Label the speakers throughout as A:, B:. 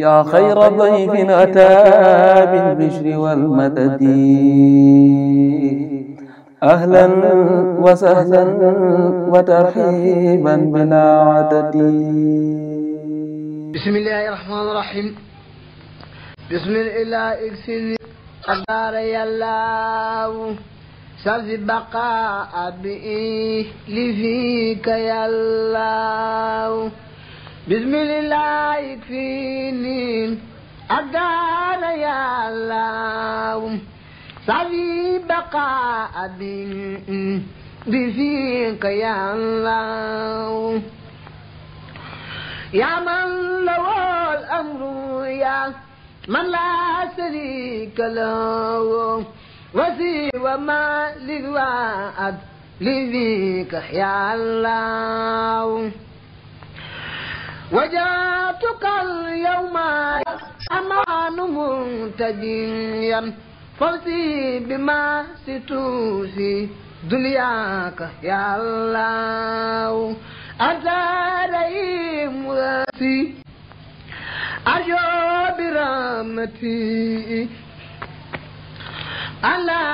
A: yaa xayra dayfin ataa bil bishri wal madadi ahlan wa sahlan wa tarhiiban bilaa adadi
B: bismillaahi rahmaani rahiim bismillaahi iksini qadaara yallaahu sasi baqaa bi li fiika yallaahu بسم الله يكفيني أدار يا الله صلي بقاء بفيك يا الله يا من له الأمر يا من لا شريك له وسوى ما للوعد لذيك يا الله وجاتك اليوم أمان منتجيا فوزي بما ستوسي دنياك يا الله أنت رئيم راسي أرجو برحمتي ألا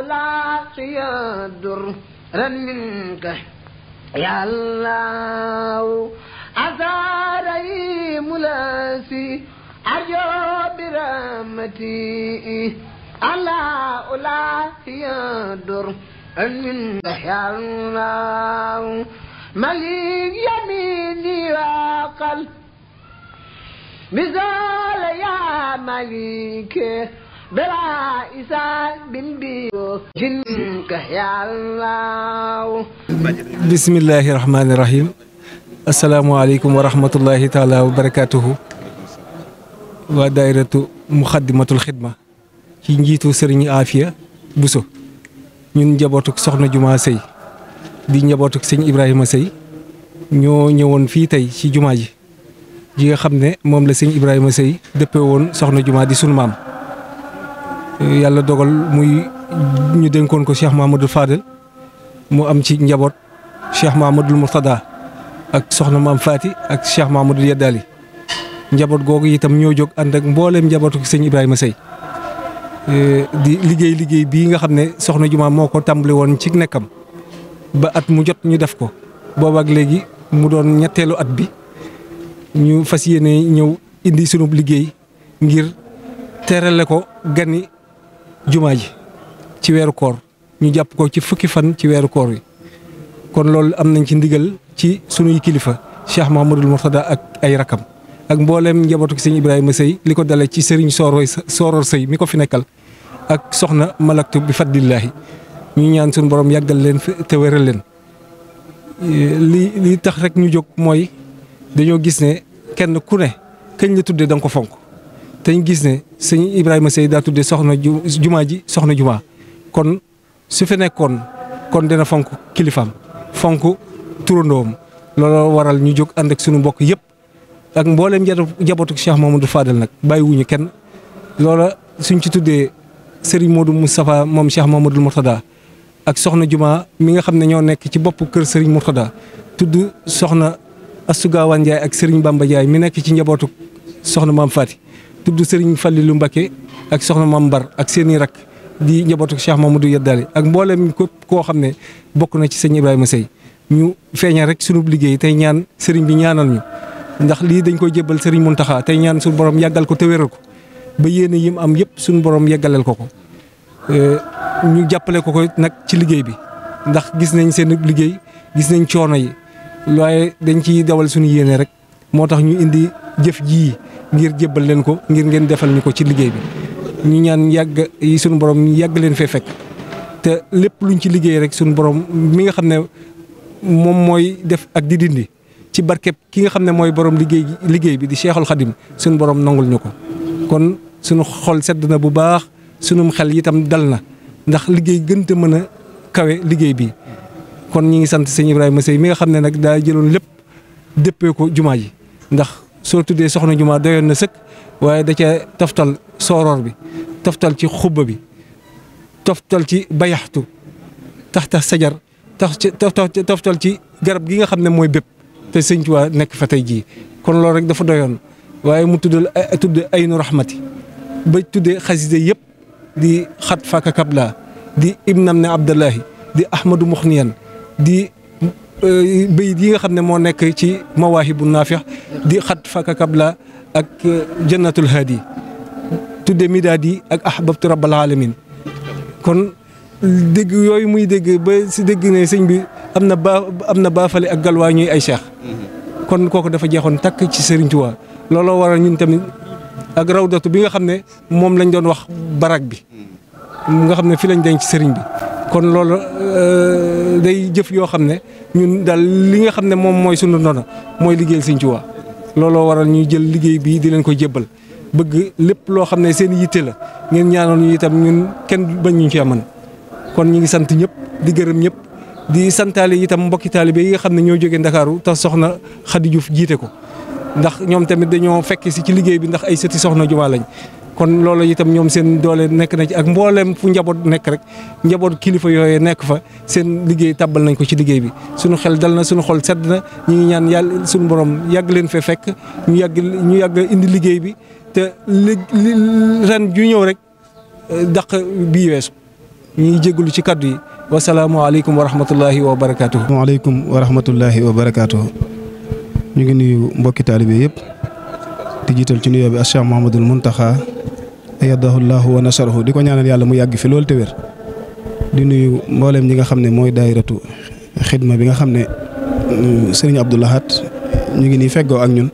B: ألاقي الدر منك يا الله عذاب الملاسي أرجو برامتي ألا أولا يدر أن يحيى الله مليك يميني وقل بزال يا مليك بلا إساء بالبيو جنك يا الله
A: بسم الله الرحمن الرحيم asalaamaaleykum wa rahmatullahi taala wa barakaatuhu waa daayratu muxaddimatul xidma ci njiitu sëriñ Afia Buso ñun njabootuk soxna jumaa Sëy di njabootuk sëñ ibraahima Sëy ñoo ñëwoon fii tey ci jumaa ji ji nga xam ne moom la sëñ Ibrahima Sëy dëppe woon soxna jumaa di sunu maam yàlla dogal muy ñu dénkoon ko Cheikh Mahamadou Fadel mu am ci njaboot Cheikh Mahamadou Mourtada ak soxna maam Faati ak Cheikh Mamadou Yaddaali njaboot googu itam ñoo jóg ànd ak mbooleem njabootu sëñ Ibrahima Sey e, di liggéey liggéey bii nga xam ne soxna jumaa moo ko tàmbali woon ci nekkam ba at mu jot ñu def ko ak léegi mu doon ñetteelu at bi ñu fas yéene ñëw indi sunu liggéey ngir terale ko gani jumaa ji ci weeru koor ñu jàpp ko ci fukki fan ci weeru koor yi kon loolu am nañ ci ndigal ci sunuy kilifa Cheikh Mouhamadul Mourtada ak ay rakam ak mbooleem njabootu sëñ Ibrahima Sëy li ko dalee ci sëriñ Sooroy Sooror Sëy mi ko fi nekkal ak soxna Malaktu bi fadlillaahi ñu ñaan sunu borom yàggal leen te wéral leen. li li tax rek ñu jóg mooy dañoo gis ne kenn ku ne kañ la tuddee da ko fonk te ñu gis ne sëñ Ibrahima Sëy daa tuddee soxna jumaa ji soxna jumaa kon su fi nekkoon kon dina fonk kilifaam fonk. turandoom looloo waral ñu jóg ànd ak suñu mbokk yëpp ak mbooleem njabootu Cheikh Mamadou Fadel nag bàyyiwuñu kenn loola suñ ci tuddee Serigne Modou Moustapha moom Cheikh Mamadou Mourtada ak soxna Juma mi nga xam ne ñoo nekk ci bopp kër Serigne Mourtada tudd soxna Astugaawa Ndiaye ak Serigne Bamba Ndiaye mi nekk ci njabootu soxna maam Fati tudd falli lu Mbacké ak soxna maam Mbar ak seeni rakk di njabootu Cheikh Mamadou Yaddaale ak mbooleem ko koo xam ne bokk na ci sëñ Ibrahima Seye ñu feeñal rek sunu liggéey tey ñaan sëriñ bi ñaanal ñu ndax lii dañ koy jébbal sëriñ mun Mountakha tey ñaan suñu borom yàggal ko te wéral ko ba yéene yim am yëpp suñu borom yàggaleel ko ko euh, ñu jàppale ko ko nag ci liggéey bi ndax gis nañ seen liggéey gis nañ coono yi looye dañ ci dawal suñu yéene rek moo tax ñu indi jëf ji ngir jébbal leen ko ngir ngeen defal ñu ko ci liggéey bi ñu ñaan yàgg yi suñu borom yàgg leen fee fekk te lépp luñ ci liggéey rek suñu borom mi nga xam ne moom mooy def ak di dindi ci barkeb ki nga xam ne mooy borom liggéey liggéey bi di Cheikhul Khadim suñu borom nangul ñu ko kon sunu xol sedd na bu baax sunum xel itam dal na ndax liggéey gën te mën a kawe liggéey bi kon ñi ngi sant sëñ Ibrahima Seye mi nga xam ne nag daa jëloon lépp dëppee ko jumaa ji ndax soo tuddee soxna jumaa doyoon na sëkk waaye da ca toftal sooroor bi toftal ci xuba bi toftal ci bayaxtu taxta sajar tax ci toftal ci garab gi nga xam ne mooy bépp te sëñ Tuubaa nekk fa tey jii kon loolu rek dafa doyoon waaye mu tuddal eh, tudd aynu rahmati ba tuddee xasida yëpp di xat faka kabla di ibnam ne abdallahi di ahmadu muxniyan di eh, bayit yi nga xam ne moo nekk ci mawaahibu naafix di xat faka kabla ak eh, jannatul haadi tudde midaadi ak ahbabtu rabbal alamin dégg yooyu muy dégg ba si dégg ne sëñ bi am na ba am na baafale ak galwaa ñuy ay cheikh mm-hmm. kon kooku dafa jeexoon takk ci Serigne Touba looloo waral ñun tamit ak rawdatu bi nga xam ne moom lañ doon wax barak bi mm-hmm. nga xam ne fi lañ ci sëriñ bi kon loolu euh, day jëf yoo xam ne ñun daal li nga xam ne moom mooy sunu ndono mooy liggéeyal Sëriñ looloo waral ñuy jël liggéey bii di leen ko jébbal bëgg lépp loo xam ne seen yitte la ngeen ñaanoon ñu itam ñun kenn bañ ñu ci mën kon ñu ngi sant ñëpp di gërëm ñëpp di santaale itam mbokki taalibe yi nga xam ne ñoo jógee Ndakaaru te soxna Khady Diouf jiite ko ndax ñoom tamit dañoo fekk si ci liggéey bi ndax ay sëti soxna jumaa lañ kon looloo itam ñoom seen doole nekk na ci ak mbooleem fu njaboot nekk rek njaboot kilifa yooyee nekk fa seen liggéey tàbbal nañ ko ci liggéey bi suñu xel dal na suñu xol sedd na ñu ngi ñaan yàlla suñu borom yàgg leen fee fekk ñu yàgg ñu yàgg indi liggéey bi te li ju ñëw rek daq bii ñu ngi jégalu ci kaddu yi wasalaamualeykum wa rahmatullahi wa barakaatu. waaleykum
C: ñu ngi nuyu mbokki taalibe yëpp di jiital ci nuyoo bi ak Cheikh Mouhamadul Mountakha ayyadahu llahu wa nasarahu di ko ñaanal yàlla mu yàgg fi loolu te wér di nuyu mboolem ñi nga xam ne mooy daayiratu xidma bi nga xam ne mm, sëriñ Abdou ñu ngi nii feggoo ak ñun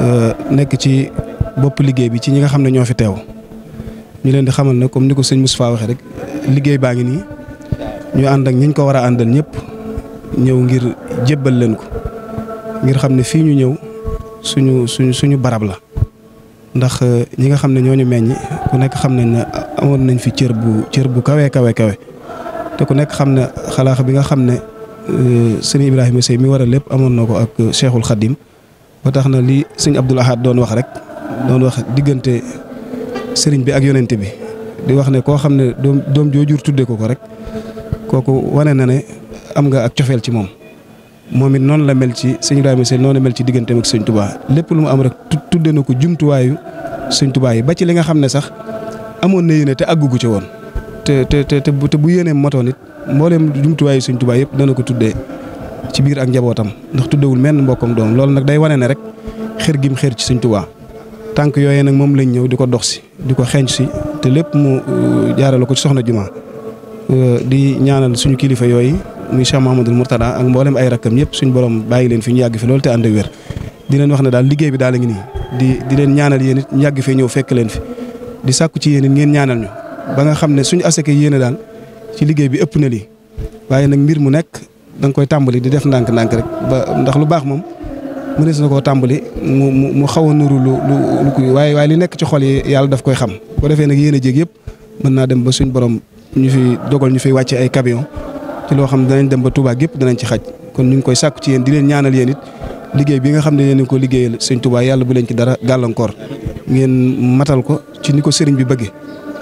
C: euh, nekk ci bopp liggéey bi ci ñi nga xam ne ñoo fi teew ñu leen di xamal ne comme ni ko sëñ Moustapha waxee rek. liggéey baa ngi nii ñu ànd ak ñi ñu ko war a àndal ñëpp ñëw ngir jébbal leen ko ngir xam ne fii ñu ñëw suñu suñu suñu barab la. ndax euh, ñi nga xam ne ñooñu meññ ku nekk xam nañ ne amoon nañ fi cër bu cër bu kawe kawe kawe te ku nekk xam ne xalaax bi nga xam ne euh, sëñ Ibrahima Seye mi war lépp amoon na ko ak Cheikhul Khadim ba tax na li sëñ Abdoul Ahad doon wax rek doon wax diggante sëriñ bi ak yonent bi. di wax ne koo xam ne doom doom joo jur tuddee ko ko rek kooku wane na ne am nga ak cofeel ci moom. moom it noonu la mel ci sëñ Ibrahima Sène noonu la mel ci digganteem ak sëñ Touba lépp lu mu am rek tudde na ko jumtuwaayu sëñ Touba yi ba ci li nga xam ne sax amoon na yéene te àggugu ci woon. te te te bu yéenee motoon it mbooleem jumtuwaayu sëñ Touba yëpp dana ko tuddee ci biir ak njabootam ndax tuddewul menn mbokkam doom loolu nag day wane ne rek xër gim xër ci sëñ tànk yooyee nag moom lañ ñëw di ko dox di ko xeeñ si te lépp mu euh, jaarale ko ci soxna Juma euh, di ñaanal suñu kilifa yooyu muy Cheikh Mahamadul Mourtada ak mboolem ay rakkam yëpp suñu borom bàyyi leen fi ñu yàgg fi loolu te ànd ak wér di leen wax ne daal liggéey bi daal a ngi nii di di leen ñaanal yéen it ñu yàgg fee ñëw fekk leen fi di sàkku ci yéen it ngeen ñaanal ñu ba nga xam ne suñu asaka yéene daal ci liggéey bi ëpp na lii waaye nag mbir mu nekk da nga koy tàmbali di def ndànk-ndànk rek ndax lu baax mënees na koo tàmbali mu mu mu xaw a nuru lu lu waaye waaye li nekk ci xol yi yàlla daf koy xam bu ko defee nag yéen a jéeg yëpp mën naa dem ba suñ borom ñu fi dogal ñu fiy wàcce ay camion ci loo xam danañ dem ba Touba yëpp danañ ci xaj kon ñu ngi koy sàkku ci yéen di leen ñaanal yéen it liggéey bi nga xam ne yéen a ko liggéeyal sëñ Touba yàlla bu leen ci dara gàllankoor ngeen matal ko ci ni ko sëriñ bi bëggee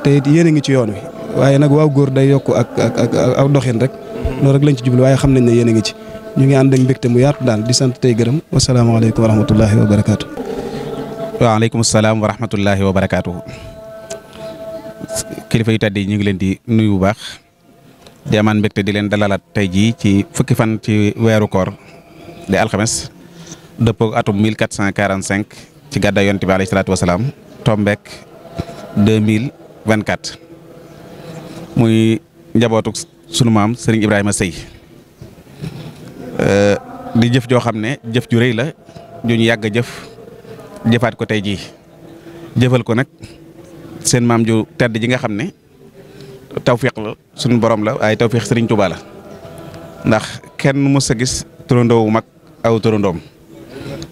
C: te it yéen a ngi ci yoon wi waaye nag waaw góor day yokk ak ak ak doxin rek loolu lañ ci jublu waaye xam nañ ne yéen a ngi ci ñu ngi ànd ak mbégte mu yaatu daal di sant tey gërëm wasalaamaaleykum wa rahmatullahi wa barakaatu.
D: salaam wa rahmatullahi wa barakaatu. kilifa yu tàddi ñu ngi leen di nuyu bu baax di amaan di leen dalalaat tey jii ci fukki fan ci weeru koor di alxames dëppoo atum 1445 ci gàddaa yonent bi alayhi salaatu wa salaam tombeek 2024 muy njabootu sunu maam Serigne Ibrahima Sëy Euh, di jëf joo xam ne jëf ju rëy la ju ñu yàgg a jëf jëfaat ko tey jii jëfal ko nag seen maam ju tedd ji nga xam ne tawfiq la suñu borom la waaye tawfiq Serigne Touba la ndax kenn mës a gis turandoo wu mag aw turandoom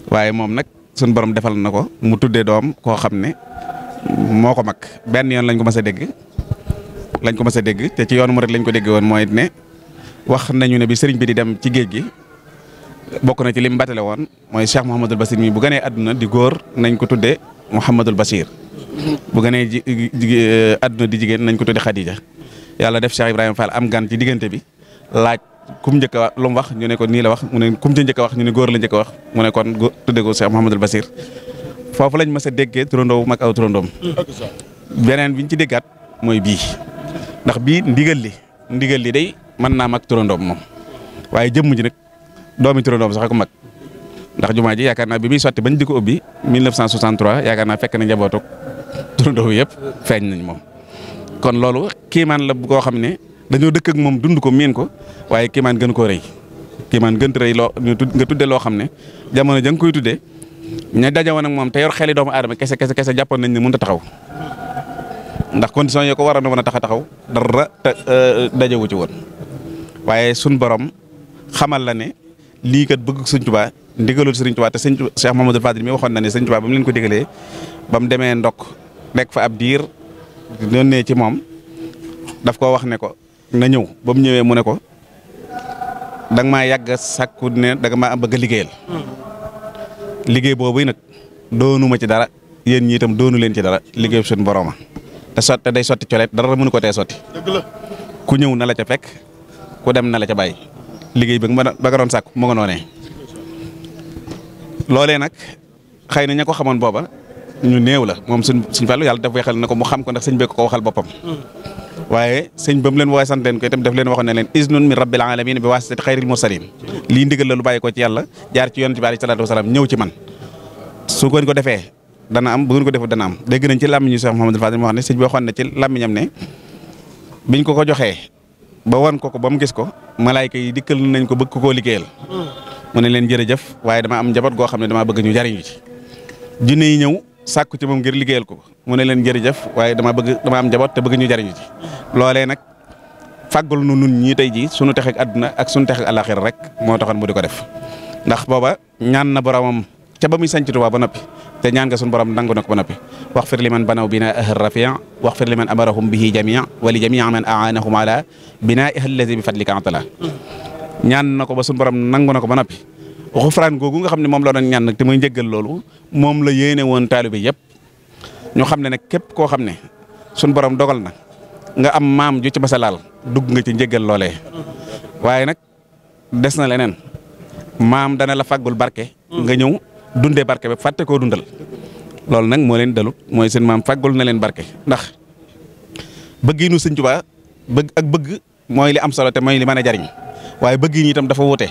D: waaye moom nag suñu borom defal na ko mu tuddee doom koo xam ne moo ko mag benn yoon lañ ko mës a dégg lañ ko mës dégg te ci yoonu murid lañ ko dégg woon mooy ne wax nañu ne bi sëriñ bi di dem ci géej gi bokk na ci lim batale woon mooy Cheikh Mouhamadul Basir mii bu gënee àdduna di góor nañ ko tuddee Mouhamadul Basir. bu gënee ji eh, àdduna di jigéen nañ ko tuddee Khadija. yàlla def Cheikh Ibrahima am gan ci diggante bi laaj kum njëkk a lu wax ñu ne ko nii la wax mu ne kum njëkk wax ñu ne góor la njëkk wax mu ne kon tuddee ko Cheikh Mouhamadul Basir. foofu lañ mës a déggee turandoo mag aw turandoom. beneen biñ ci déggaat mooy bii ndax bi ndigal li ndigal li day mën naa mag turandoom moom waaye jëmm ji nag doomi turandoom a ko mag ndax jumaa ji yaakaar naa bi muy sotti bañ di ko ubbi 1963 yaakaar naa fekk na njabootu turandoo yëpp feeñ nañ moom. kon loolu kiimaan la koo xam ne dañoo dëkk ak moom dund ko miin ko waaye kiimaan gën koo rëy kiimaan gën rëy loo nga tudde loo xam ne jamono ja koy tuddee ña dajawoon ak moom te yor xeli doomu aadama kese kese kese jàppoon nañ ne mun a taxaw. ndax condition yee ko war a mën a tax a taxaw dara euh, dajawu ci woon waaye sun borom xamal la ne lii kat bëgg sëñ Tuubaa ndigalul sëriñ Tuubaa te sëñ Cheikh Mamadou Fadil mi waxoon na ne sëñ Tuubaa ba mu leen ba mu demee ndok nekk fa ab diir doon ci moom daf koo wax ne ko na ñëw ba mu ñëwee mu ne ko danga maa yàgg sàkku ne danga maa bëgg a liggéey boobu nag doonuma ci dara yéen ñi itam doonu leen ci dara liggéey suñu boroma te sotti day sotti coleet dara mënu ko tee sotti ku ñëw na la ca fekk ku dem na la ca bàyyi liggéey bi ba nga doon sàkk mu nga noonee loolee nag xëy na ña ko xamoon booba ñu néew la moom suñ suñ fàllu yàlla def weexal na ko mu xam ko ndax sëñ bi ko waxal boppam waaye sëñ ba mu leen woowee sant leen ko itam daf leen waxoon ne leen isnun min rabbil xayril mursalin lii ndigal la lu bàyyi ko ci yàlla jaar ci yonent bi alayhi salaatu wasalaam ñëw ci man su ko defee dana am bu ngeen ko defee dana am dégg nañ ci làmmiñu Cheikh Mouhamadou moo xam ne sëñ bi waxoon na ci ba wan ko ko ba mu gis ko malaayka yi dikkal nañ ko bëgg ko liggéeyal hmm. mu ne leen jërëjëf waaye dama am njaboot goo xam ne damaa bëgg ñu jariñu ci jinne yi ñëw sàkku ci moom ngir liggéeyal ko mu ne leen jërëjëf waaye dama bëgg dama am njaboot te bëgg ñu jariñu ci loolee nag fàggul nu nun ñii tey jii sunu texek àdduna ak sunu texek àllaaxira rek moo taxoon mu di ko def ndax booba ñaan na boromam ca ba muy sanc Tuubaa ba noppi te ñaan nga sun borom nangu na ko ba noppi wax fir li man banaw binaa ahal rafia wax fir a man amarahum bihi jamia wali jamia man aanahum ala binaa ahal lazi bi fadlika atala ñaan na ko ba sun borom nangu na ko ba noppi xufraan googu nga xam ne moom la doon ñaan nag te muy njëggal loolu moom la yéene woon taalibe yëpp ñu xam ne nag képp koo xam ne sun borom dogal na nga am maam ju ci masa laal dugg nga ci njëggal loolee waaye nag des na leneen maam dana la faggul barke nga ñëw dundee barke ba fàtte koo dundal loolu nag moo leen dalut mooy seen maam faggul na leen barke ndax bëgginu sëñ Tuubaa bëgg ak bëgg mooy li am solo te mooy li mën a jariñ waaye bëggiin itam dafa wute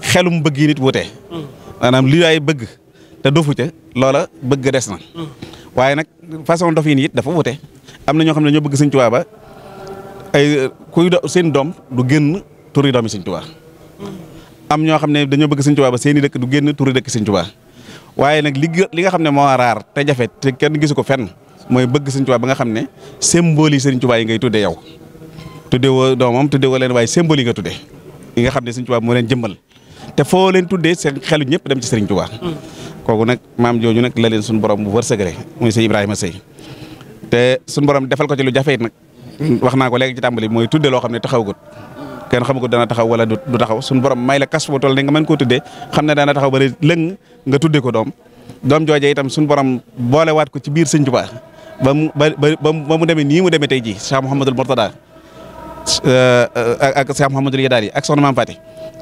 D: xelum bëggiin it wute maanaam li waay bëgg te dofu ca loola bëgg des na waaye nag façon dof yi nii dafa wute am na ñoo xam ne ñoo bëgg sëñ Tuubaa ba ay kuy seen doom du génn turi doomi sëñ am ñoo xam ne dañoo bëgg sëñ Tuubaa ba seen i dëkk du génn turi dëkk sëñ waaye nag li li nga xam ne moo raar te jafe te kenn gisu ko fenn mooy bëgg Sëriñ Tuubaa ba nga xam ne symbole yi Sëriñ Tuubaa yi ngay tuddee yow tuddee woo doomam tuddee woo leen waaye symbole yi nga tuddee yi xam ne Sëriñ Tuubaa moo leen jëmmal te foo leen tuddee seen xelu ñëpp dem ci Sëriñ Tuubaa mm. kooku nag maam jooju nag la leen suñu borom bu mooy muy sëñ Ibrahima sey te suñu borom defal ko ci lu jafe nag wax naa ko léegi ci tàmbali mooy tuddee loo xam ne taxawagut kenn xamu ko dana taxaw wala du taxaw suñu borom may la kas bu toll ni nga mën koo tuddee xam ne dana taxaw ba lëng nga tuddee ko doom doom jooje itam suñu borom boolewaat ko ci biir sëñ Tuubaa ba mu ba ba mu demee nii mu demee tey jii Cheikh Mouhamadul Mourtada ak Cheikh Mouhamadul Yadaar yi ak soxna Maam Fati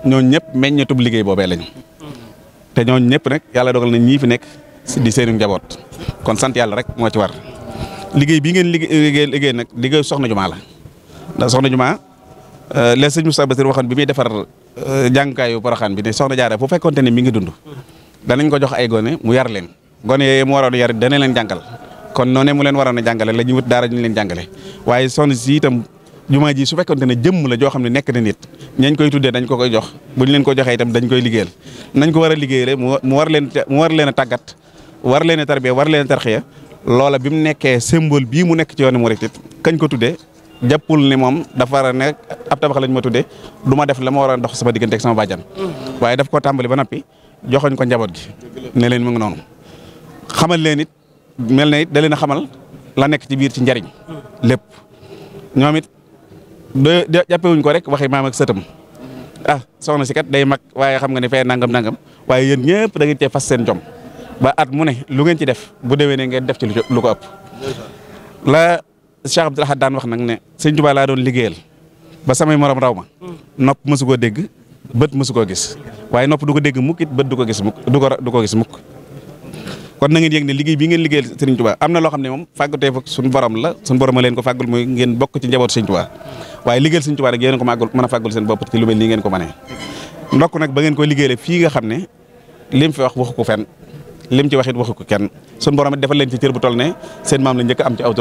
D: ñooñu ñëpp meññatub liggéey boobee lañu te ñooñu ñëpp nag yàlla dogal na ñii fi nekk di seenu njaboot kon sant yàlla rek moo ci war liggéey bi ngeen liggéey liggéey nag liggéey soxna jumaa la Euh, les sëñ Moussa Bassir waxoon bi muy defar euh, jàngkaayu Porokhane bi ne soxna Jaara bu fekkonte ne mi ngi dund danañ ko jox ay gone mu yar leen gone yooyu mu waroon yar dana leen jàngal kon noonee mu leen waroon a jàngale la ñuy wut daara ñu leen jàngale waaye soxna si itam jumaa ji su fekkonte ne jëmm la joo xam ne nekk na nit ñañ koy tuddee dañ ko koy jox bu ñu leen ko joxee itam dañ koy liggéeyal nañ ko war a liggéeyale mu war leen mu war leen a tàggat war leen a tarbiya war leen a tarxiya loola bi mu nekkee symbole bii mu nekk ci yoonu murit it kañ ko tuddee jàppul ni moom dafa war a nekk ab tabax lañ ma tuddee du ma def la ma war a dox sama diggante ak sama bàjjan mm. waaye daf ko tàmbali ba noppi joxoñ ko njaboot gi ne leen mu noonu xamal leen it mel na it da leen a xamal la nekk ci biir ci njariñ mm. lépp ñoom it do jàppewuñ ko rek waxi maam ak sëtam ah soxna si day mag waaye xam nga ne fee nangam nangam waaye yéen ñëpp da ngeen cee fas seen jom ba at mu ne lu ngeen ci def bu dewee ne ngeen def ci lu ko ëpp Cheikh Abdoul Ahad daan wax nag ne sëñ Tuubaa laa doon liggéeyal ba samay morom raw ma nopp mësu koo dégg bët mësu koo gis waaye nopp du ko dégg mukk it bët du ko gis mukk du ko du ko gis mukk kon na ngeen yëg ne liggéey bii ngeen liggéeyal sëriñ Tuubaa am na loo xam ne moom fàggatee fa la suñu borom a ko fàggul mooy ngeen bokk ci njabootu sëriñ Tuubaa waaye liggéeyal sëriñ a fàggul seen bopp ci lu mel nii ko mënee ndokk nag ba ngeen koy liggéeyale fii nga xam ne lim fi wax waxu ko fenn lim ci waxit waxu ko kenn suñu borom it defal leen ci cër bu toll ne seen maam la njëkk am ci aw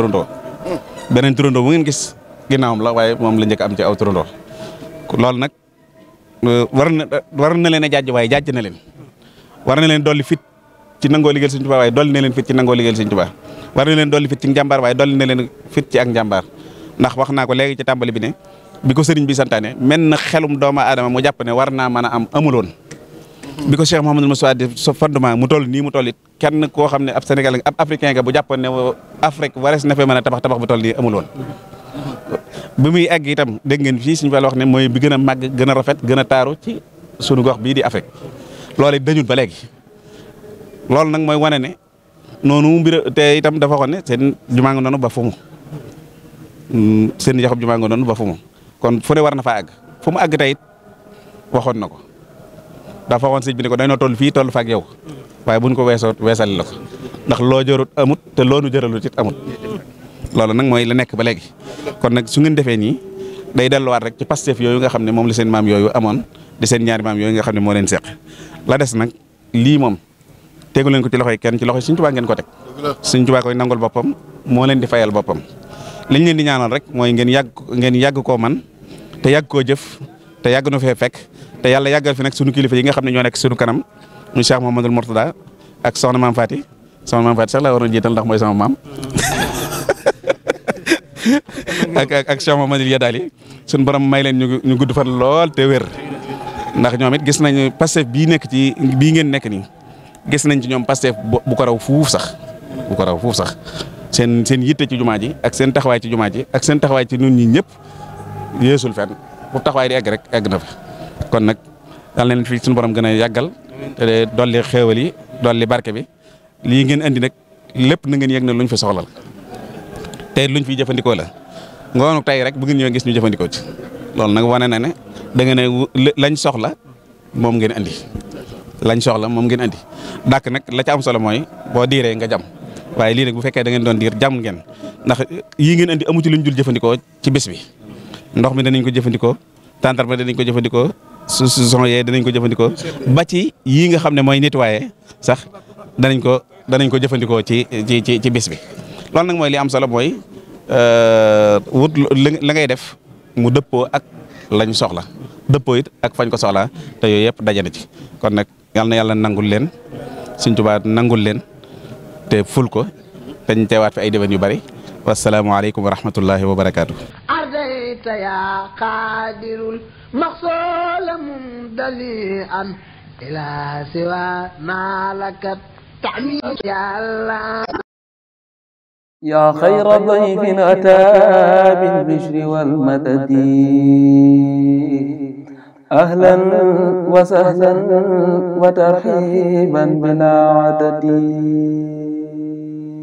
D: beneen turandoo bu ngeen gis ginnaawam la waaye moom la njëkk am ci aw turandoo loolu nag euh, war na war na leen a jaaj waaye jaaj na leen war na leen dolli fit ci nangoo liggéeyal Sëñ Tuubaa waaye dolli na leen fit ci nangoo liggéeyal Sëñ Tuubaa war leen dolli ci njàmbaar waaye dolli na leen fit ci ak njàmbaar ndax wax naa ko léegi ci tàmbali bi ne bi ko sëriñ bi santaane mel na xelum doomu aadama mu jàpp ne war naa mën a am amuloon bi ko Cheikh Mouhamadul Moussa de sa fondement mu toll nii mu toll it kenn koo xam ne ab Sénégal ab africain nga bu jàppoon ne Afrique warees na fa mën a tabax tabax bu toll nii amul woon bi muy egg itam dégg ngeen fii suñu fa la ne mooy bi gën a màgg gën a gën a taaru ci gox bii di Afrique loolu dañul ba léegi nag mooy wane ne noonu mbir te itam dafa waxoon ne seen jumaa nga noonu ba fu mu mm, seen yaxub jumaa nga noonu ba fu mu kon fu ne war na faa àgg fu mu àgg tey waxoon na ko dafa waxoon sëñ bi ne ko dañoo toll fii toll fa ak yow waaye buñ ko weesoo ndax loo jërut amut te loonu jëralut amut loolu nag mooy la nekk ba léegi kon nag su ngeen defee nii day delluwaat rek ci pastef yooyu nga xam ne moom la seen maam yooyu amoon di seen ñaari maam yooyu nga xam ne moo leen seq la des nag lii moom tegu leen ko ci loxoy kenn ci loxoy Sëñ Tuubaa ngeen ko teg Sëñ Tuubaa koy nangul boppam moo leen di fayal boppam liñ leen di ñaanal rek mooy ngeen yàgg ngeen yàgg koo man te yàgg koo jëf te yàgg nu fee fekk te yàlla yàggal fi nag sunu kilifa yi nga xam ne ñoo nekk sunu kanam mu Cheikh Mouhamadul Mourtada ak soxna maam Fati soxna maam Fati sax laa waroon jiital ndax mooy sama maam ak ak ak Cheikh Mouhamadul Yadaali sunu borom may leen ñu gudd fan lool te wér ndax ñoom it gis nañu Pastef bii nekk ci bii ngeen nekk nii gis nañ ci ñoom Pastef bu ko raw fuuf sax bu ko raw fuuf sax seen seen yitte ci jumaa ji ak seen taxawaay ci jumaa ji ak seen taxawaay ci ñun ñi ñëpp yéesul fenn bu taxawaay di egg rek egg na fa kon nag yal na leen fi suñu borom gën a yàggal te dolli xéewal yi dolli barke bi lii ngeen andi nag lépp na ngeen yëg ne luñ fi soxlal te luñ fiy jëfandikoo la ngoonu tey rek bu ngeen ñu jëfandikoo ci loolu nag wane na ne da nga soxla moom ngeen andi lañ soxla moom ngeen andi dàkk nag la ca am solo mooy boo diiree nga jam waaye lii nag bu fekkee da ngeen doon diir jam ngeen ndax yii ngeen andi amu ci luñ dul jëfandikoo ci bis bi ndox mi danañ ko jëfandikoo tàndarma danañ ko jëfandikoo su su yee danañ ko jëfandikoo ba ci yii nga xam ne mooy nit nettoyer sax danañ ko danañ ko jëfandikoo ci ci ci ci bis bi. loolu nag mooy li am solo mooy euh, wut la ngay def mu dëppoo ak lañ soxla dëppoo it ak fañ ko soxla te yooyu yëpp daje ci kon nag yal na yàlla nangul leen Sëñ Tuubaa nangul leen te ful ko dañ teewaat fi ay déwén yu bari wasalaamaaleykum wa rahmatullahi wa barakaatu.
B: أعطيت يا قادر مخصول ممتلئا إلى سوى ما لك تعميد يا الله
A: يا خير ضيف أتى بالبشر والمدد أهلا وسهلا وترحيبا بلا عدد